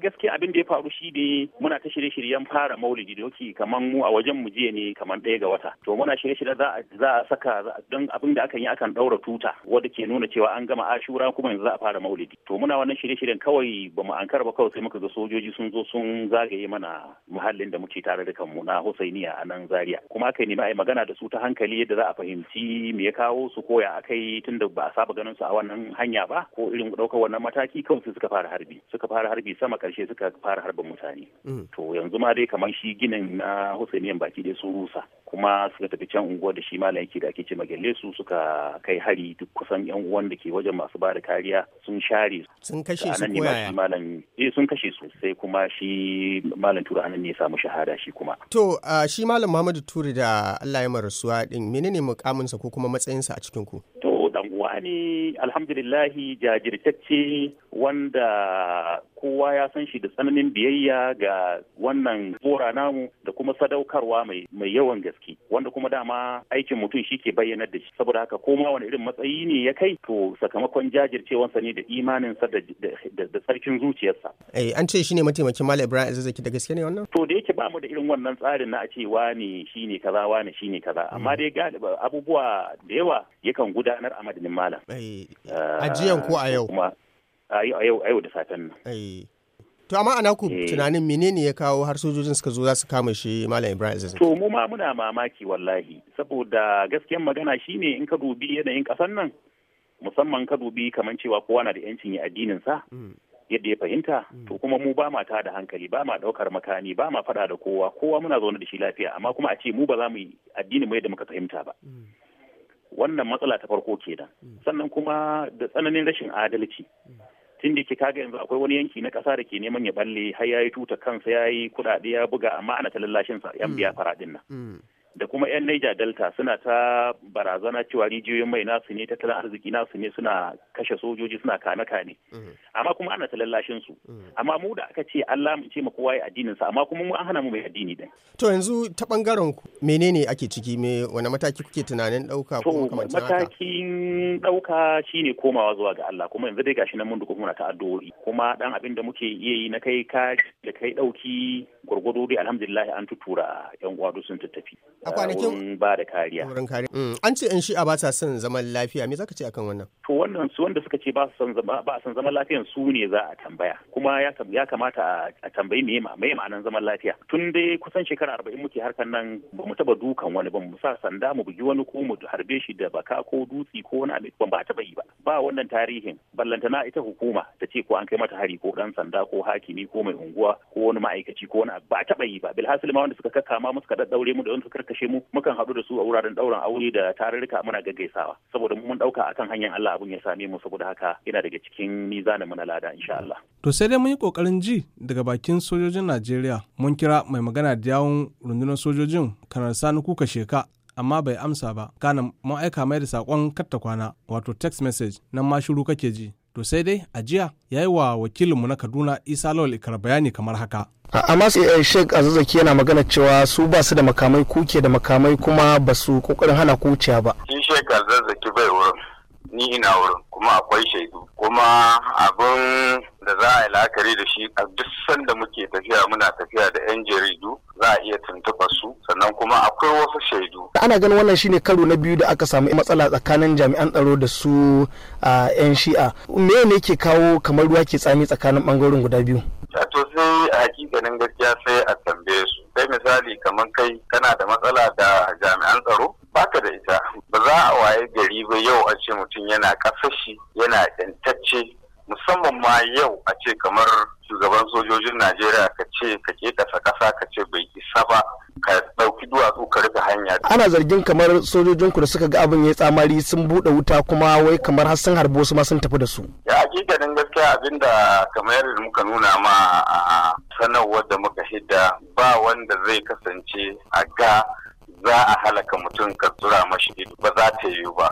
gaskiya abin da ya faru shi ne muna ta shirye-shiryen fara maulidi doki kamar mu a wajen mu jiya ne kamar ɗaya ga wata to muna shirye-shirye za a saka don abin da akan yi akan ɗaura tuta wadda ke nuna cewa an gama ashura kuma yanzu za a fara maulidi to muna wannan shirye-shiryen kawai ba mu ankara ba kawai sai muka ga sojoji sun zo sun zagaye mana muhallin da muke tare da kanmu na Husainiya a nan Zaria kuma aka nemi a magana da su ta hankali yadda za a fahimci me ya kawo su koya akai tunda ba a saba ganin su a wannan hanya ba ko irin ɗaukar wannan mataki kawai suka fara harbi suka fara harbi sama ƙarshe suka fara harba mutane mm. to yanzu ma dai kamar shi ginin na husainiyan baki dai su rusa kuma suka tafi can unguwar da shi ma yake da ake ce magalle su suka kai hari duk kusan yan uwan da ke wajen masu ba da kariya sun share sun kashe su ko yaya eh sun kashe su sai kuma shi malam tura anan ne ya samu shahada shi kuma to shi malam Muhammadu ture da Allah ya marasuwa din menene mukamin sa ko kuma matsayin sa a cikin ku to dan uwa ne alhamdulillahi jajirtacce wanda kowa ya san shi da tsananin biyayya ga wannan bora namu da kuma sadaukarwa mai yawan gaske wanda kuma dama aikin mutum shi ke bayyanar da shi saboda haka koma wani irin matsayi ne ya kai to sakamakon jajircewansa ne da imaninsa da tsarkin zuciyarsa. Eh an ce shi ne mataimakin Malam Ibrahim Azizaki. da gaske ne wannan? To da yake ba mu da irin wannan tsarin na a ce wani shi ne kaza wani shi ne kaza amma dai abubuwa da yawa yakan gudanar a madadin malam. Eh, Ajiyan ko a yau? a yau da safen nan eh. to amma ana ku eh. tunanin menene ya kawo har sojojin suka zo za su kama shi malam ibrahim aziz to mu ma muna mamaki wallahi saboda gaskiyar magana shine in ka dubi yanayin kasan nan musamman ka dubi kamar cewa kowa na da yancin ya addinin sa mm. yadda ya fahimta mm. to kuma mu ba ma da hankali ba ma daukar makani ba ma fada da kowa kowa muna zaune da shi lafiya amma kuma a ce mu ba za mu yi addini mai da muka fahimta ba mm. wannan matsala ta farko kenan sannan kuma da tsananin rashin adalci tun da ke kaga yanzu akwai wani yanki na kasa da ke neman ya balle har ya yi tuta kansa ya yi kuɗaɗe ya buga amma ana ta sa yan mm. biya faradin nan mm. da kuma yan Niger Delta suna ta barazana cewa rijiyoyin mai nasu ne tattalin arziki nasu ne suna kashe sojoji suna kane kane mm. amma kuma ana ta su amma mu da aka ce Allah mu ce mu kowa ya addinin sa amma kuma mu an hana mu mai addini din to yanzu ta bangaren ku menene ake ciki me wani mataki kuke tunanin dauka ko makamancin matakin ɗauka shine komawa zuwa ga Allah kuma yanzu dai gashi nan mun duka muna ta addu'o'i kuma dan abin da muke iya yi na kai ka da kai ɗauki gurgudu dai alhamdulillah an tutura yan uwa sun tattafi a kwanakin ba da kariya wurin kariya mm. an ce in shi a ba sa son zaman lafiya me zaka ce akan wannan to wannan su wanda suka ce ba su son ba son zaman lafiyan su ne za a tambaya kuma ya kamata a tambayi me ma'anan zaman lafiya tun dai kusan shekara arba'in muke harkar nan mu taba dukan wani ba mu sa sanda mu bugi wani ko mu harbe shi da baka ko dutsi ko wani abu ba taba yi ba ba wannan tarihin ballantana ita hukuma ta ce ko an kai mata hari ko dan sanda ko hakimi ko mai unguwa ko wani ma'aikaci ko wani ba taba yi ba bilhasil ma wanda suka kakkama mu suka daddaure mu da wanda suka karkashe mu mukan haɗu da su a wuraren ɗaurin aure da tarurruka muna gaggaisawa saboda mun dauka akan hanyar Allah abun ya same mu saboda haka yana daga cikin mizanin mu na lada insha Allah to sai dai mun yi kokarin ji daga bakin sojojin Najeriya mun kira mai magana da yawun rundunar sojojin kanar sani kuka sheka amma bai amsa ba kana mun aika mai da sakon katta kwana wato text message nan ma shiru kake ji to sai dai ajiya jiya ya yi wa wakilinmu na kaduna isa lawal ikar bayani kamar haka amma a eh, zazzaki yana magana cewa su ba su da makamai kuke da makamai kuma ba su kokarin hana kuciya ba shi a zazzaki bai wurin ni ina wurin kuma akwai shaidu kuma abin da za a yi la'akari da shi a duk sanda muke tafiya muna tafiya da yan jaridu za a iya tuntuɓa Nan kuma akwai wasu shaidu ana ganin wannan shine karo na biyu da aka samu matsala tsakanin jami'an tsaro da su a yan shi'a me ne ke kawo kamar ruwa ke tsami tsakanin bangaren guda biyu to sai a hakikanin gaskiya sai a tambaye su sai misali kamar kai kana da matsala da jami'an tsaro baka da ita ba za a waye gari ba yau a ce mutum yana kasashi yana yantacce musamman ma yau a ce kamar shugaban sojojin najeriya ka ce ka ke ƙasa-ƙasa, ka ce bai isa ba ka ɗauki duwatsu ka rufe hanya. Ana zargin kamar sojojin ku da suka ga abin ya tsamari sun buɗe wuta kuma wai kamar har sun harbo su ma sun tafi da su. Ya hakikanin gaskiya abin da kamar yadda muka nuna ma a sanarwar da muka hidda ba wanda zai kasance a ga za a halaka mutum ka tsura mashi ba za ta yiwu ba.